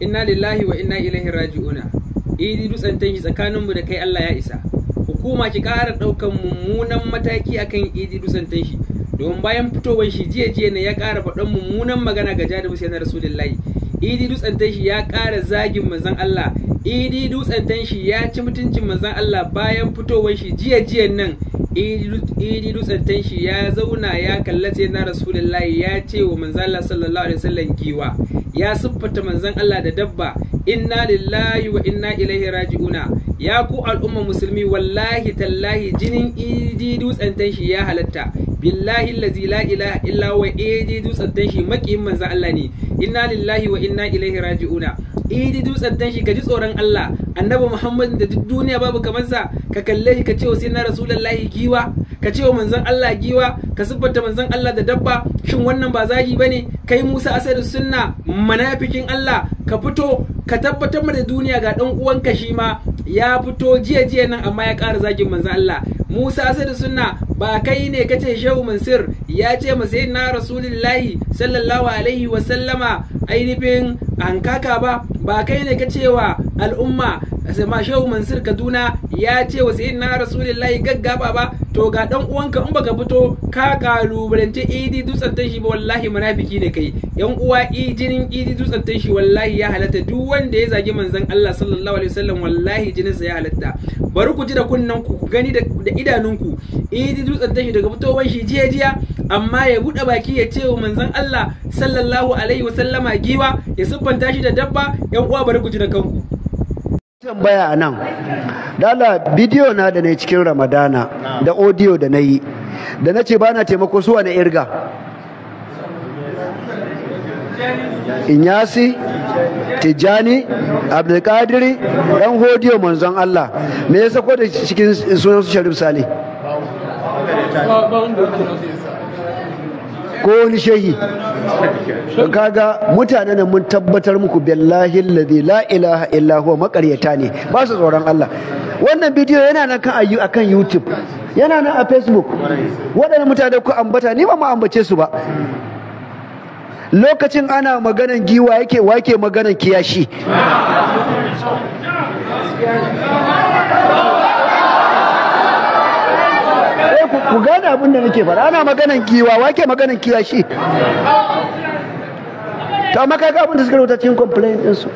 inna lillahi wa inna ilaihi raji'una idi dutsen tanki mu da kai Allah ya isa hukuma ki ƙara ɗaukan mummunan mataki akan idi dutsen tanki domin bayan fitowar shi jiya jiya ne ya kara faɗan mummunan magana ga jadabu sai na rasulullahi idi dutsen tanki ya kara zagin manzon Allah idi dutsen tanki ya ci mutuncin manzon Allah bayan fitowar shi jiya jiya nan iri dutsen shi ya zauna ya kallace na rasulullahi ya ce wa manzala sallallahu alaihi wasallam giwa ya siffata manzan Allah da dabba inna lillahi wa inna ilaihi raji'una ya ku al'umma musulmi wallahi tallahi jinin idi dutsen shi ya halatta billahi allazi la ilaha illa wa idi dutsen shi makiyin manzan Allah ne inna lillahi wa inna ilaihi raji'una idi eh, dutsen shi ka ji tsoron Allah annabi Muhammad da duk duniya babu kamar sa ka kalle shi ka ce sai na rasulullahi giwa ka ce wa manzon Allah giwa ka siffanta manzon Allah da dabba shin wannan ba zagi bane kai Musa asadu sunna manafikin Allah ka fito ka tabbatar mu da duniya ga dan uwanka shi ma ya fito jiya jiya nan amma ya ƙara zagin manzon Allah Musa asadu sunna ba kai ne kace Shehu mansir ya ce ma sayyidina rasulullahi sallallahu alaihi wa sallama ainihin hankaka ba ba kai ne ka cewa al'umma ma shehu mansur kaduna ya ce wa sayyidina rasulullahi gaggaba ba to ga dan uwanka in baka fito ka kalubalance idi dutsen shi ba wallahi munafiki ne kai yan uwa jinin idi dutsen shi wallahi ya halatta duk wanda ya zagi manzon Allah sallallahu alaihi wasallam wallahi jinin sa ya halatta bari ku ji da kunnan ku gani da idanunku idi dutsen shi daga fitowar shi jiya jiya amma ya buɗe baki ya ce wa manzon Allah sallallahu alaihi wa sallama giwa ya siffanta shi da dabba yan uwa bari ku ji da kanku tambaya a nan dala bidiyo na da na cikin ramadana da audio da na yi da na ce ba na taimako suwa na irga inyasi tijjani abdulkadiri yan hodiyo manzon allah me yasa ko da cikin sunan su sharif sale ko wani shehi kaga mutane da mun tabbatar muku billahi alladhi la ilaha illa huwa makaryata ne ba su tsoron Allah wannan bidiyo yana nan kan ayu akan YouTube yana nan a Facebook waɗannan mutane ku ambata ni ba mu ambace su ba lokacin ana maganan giwa yake wake maganan kiyashi ku gane abin da nake faɗa ana maganan giwa wake maganan kiyashi ta maka abin da suka rubuta cikin complaint ɗinsu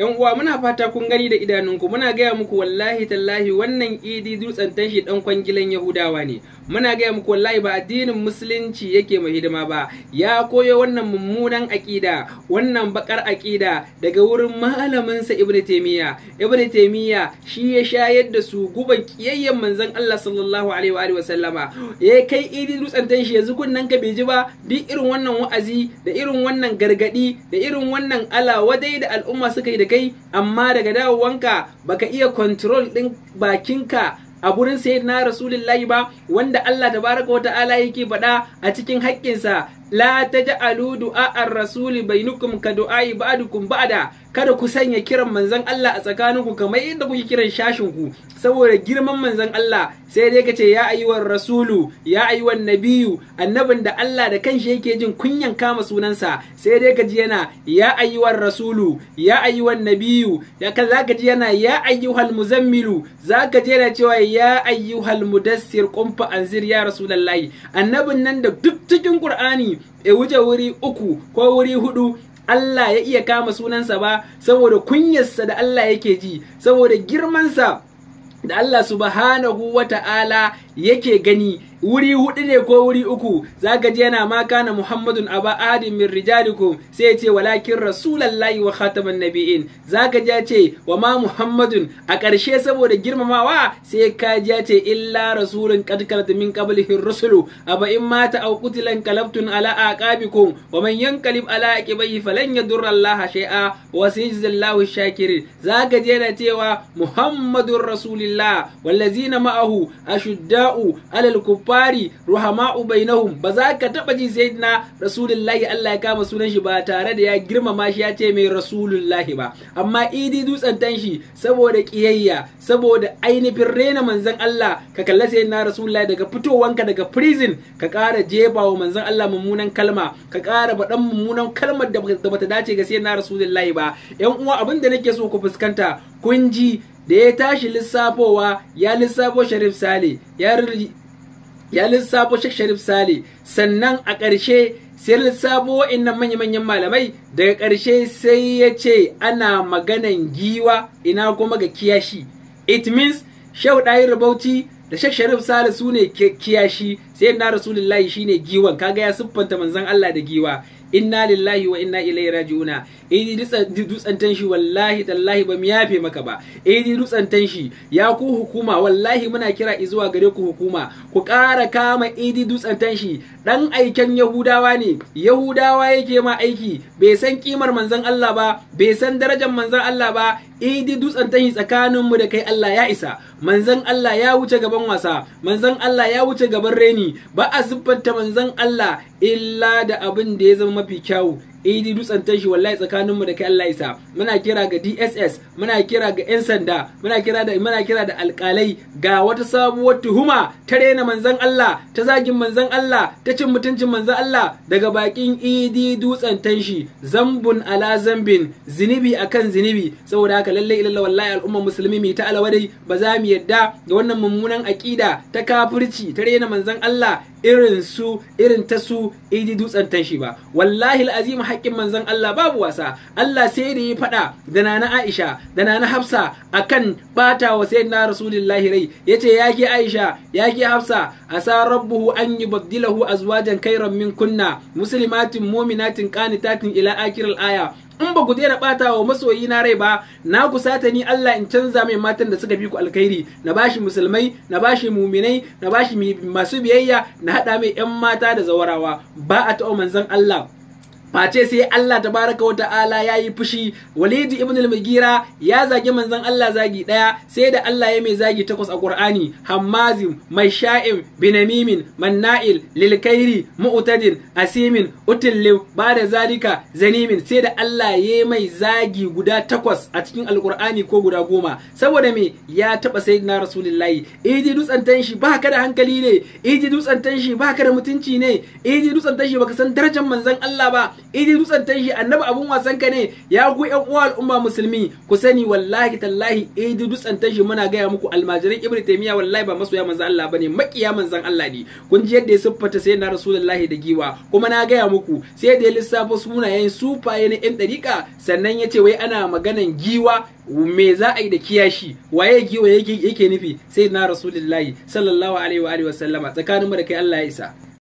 yan uwa muna fata kun gani da idanunku muna gaya muku wallahi tallahi wannan idi dutsen tashi dan kwangilan yahudawa ne muna gaya muku wallahi ba addinin musulunci yake mai hidima ba ya koyo wannan mummunan aƙida, wannan bakar akida daga wurin malamin sa ibnu taymiya ibnu taymiya shi ya shayar da su guban kiyayyen manzon Allah sallallahu alaihi wa alihi sallama ya kai idi dutsen tashi yanzu kunnan ka bai ba duk irin wannan wa'azi da irin wannan gargadi da irin wannan ala wadai da al'umma suka yi da kai amma daga dawowanka baka iya kontrol ɗin bakinka a gurin sayyidina rasulullahi ba wanda Allah tabaraka wa ta'ala yake faɗa a cikin haƙƙinsa la taj'alu du'a ar-rasul bainakum ka du'ai ba'dukum ba'da kada ku sanya kiran manzon Allah a tsakaninku kamar inda kuke kiran shashin ku saboda girman manzon Allah sai dai kace ya ayyuwar rasulu ya ayyuwan nabiyu annabin da Allah da kanshi yake jin kunyan kama sunansa sai dai kaji yana ya ayyuwar rasulu ya ayyuwan nabiyu ya kan zaka ji yana ya ayyuhal muzammilu zaka ji yana cewa ya ayyuhal mudassir qum fa anzir ya rasulullahi annabin nan da duk cikin Qur'ani ya wuce wuri uku ko wuri hudu Allah ya iya kama sunansa ba saboda kunyarsa da Allah yake ji saboda girmansa da Allah subhanahu wa ta'ala yake gani wuri hudu ne ko wuri uku zaka ji yana ma kana muhammadun aba ahadin min rijalikum sai ya ce walakin rasulallahi wa khataman nabi'in zaka ji ya ce wa ma muhammadun a ƙarshe saboda girmamawa sai ka ji ya ce illa rasulun qad kalat min qablihi rusulu aba in mata aw qutilan kalabtun ala aqabikum wa man yankalib ala aqibai falan yadurra allaha shay'a wa sayajzillahu shakirin zaka ji yana cewa muhammadun rasulillah wallazina ma'ahu ashudda shuhada'u alal kufari ruhama'u bainahum ba za ka taba ji sayyidina rasulullahi Allah ya kama sunan shi ba tare da ya girmama shi ya ce mai rasulullahi ba amma idi dutsen shi saboda kiyayya saboda ainihin rena manzon Allah ka kalla sayyidina rasulullahi daga fitowanka daga prison ka kara jefa wa manzon Allah mummunan kalma ka kara baɗan mummunan kalmar da bata dace ga sayyidina rasulullahi ba yan uwa abin da nake so ku fuskanta kun ji da ya tashi lissafowa ya lissafo Sharif Sale ya lissafo shek Sharif Sale sannan a ƙarshe sai lissafo wa'annan manya-manyan malamai daga ƙarshe sai ya ce ana maganan giwa ina kuma ga kiyashi it means Shehu Ɗahir Bauchi da shek Sharif Sale su ne kiyashi Sai na rasulullahi shine giwan kaga ya siffanta manzon Allah da giwa inna lillahi wa inna ilaihi raji'una idi eh, dutsantan shi wallahi tallahi ba mu yafe maka ba idi eh, dutsantan shi ya ku hukuma wallahi muna kira izuwa gare ku hukuma ku kara kama idi eh, dutsantan shi dan aiken yahudawa ne yahudawa yake ma aiki bai san kimar manzon Allah ba bai san darajar manzon Allah ba idi dutsantan shi tsakanin mu da kai Allah ya isa manzon Allah ya wuce gaban wasa manzon Allah ya wuce gaban reni ba a siffanta manzon Allah illa da abin da ya zama mafi kyawu idi dutsen tashi wallahi tsakanin mu da kai Allah isa muna kira ga DSS muna kira ga yan sanda muna kira da muna kira da alƙalai ga wata sabuwar tuhuma ta rena manzon Allah ta zagin manzon Allah ta cin mutuncin manzon Allah daga bakin idi dutsen tashi zambun ala zambin zinibi akan zinibi saboda haka lalle ilallah wallahi al'ummar musulmi mai ta alawadai ba za mu yadda da wannan mummunan aƙida ta kafirci ta rena manzon Allah irin su irin ta su idi dutsen tashi ba wallahi alazim haƙƙin manzon Allah babu wasa Allah sai da ya faɗa da nana Aisha da nana Hafsa akan bata wa sayyidina Rasulullahi rai yace ya Aisha ya ke Hafsa asa rabbuhu an yubdilahu azwajan khairan min kunna muslimatin mu'minatin qanitatin ila akhir al-aya in ba ku daina ɓata wa masoyi na rai ba na kusata ni Allah in canza mai matan da suka bi ku alkhairi na bashi musulmai na bashi muminai na bashi masu biyayya na haɗa mai yan mata da zawarawa ba a ta'o manzon Allah face sai Allah tabaraka wa ta'ala ya yi fushi walidi ibn al-mugira ya zagi manzon Allah zagi daya sai da Allah ya mai zagi takwas a Qur'ani hammazim mai sha'im binamimin manna'il lilkairi mu'tadin asimin ba bada zalika zanimin sai da Allah ya mai zagi guda takwas a cikin alkur'ani ko guda goma saboda me ya taba sayyidina rasulullahi idi dutsen shi baka da hankali ne idi dutsen shi baka da mutunci ne idi dutsen shi baka san darajar manzon Allah ba idi dutsen tashi annabi abun wasan ka ne ya ku yan uwa al'umma musulmi ku sani wallahi tallahi idi dutsen tashi muna gaya muku almajirin ibnu taymiya wallahi ba masoya manzon Allah bane makiya manzon Allah ne kun ji yadda ya siffata sai na rasulullahi da giwa kuma na gaya muku sai da ya lissafa sunayen sufaye na yan ɗarika sannan yace wai ana maganan giwa me za a yi da kiyashi waye giwa yake yake nufi sai na rasulullahi sallallahu alaihi wa alihi wa sallama tsakanin mu da kai Allah ya isa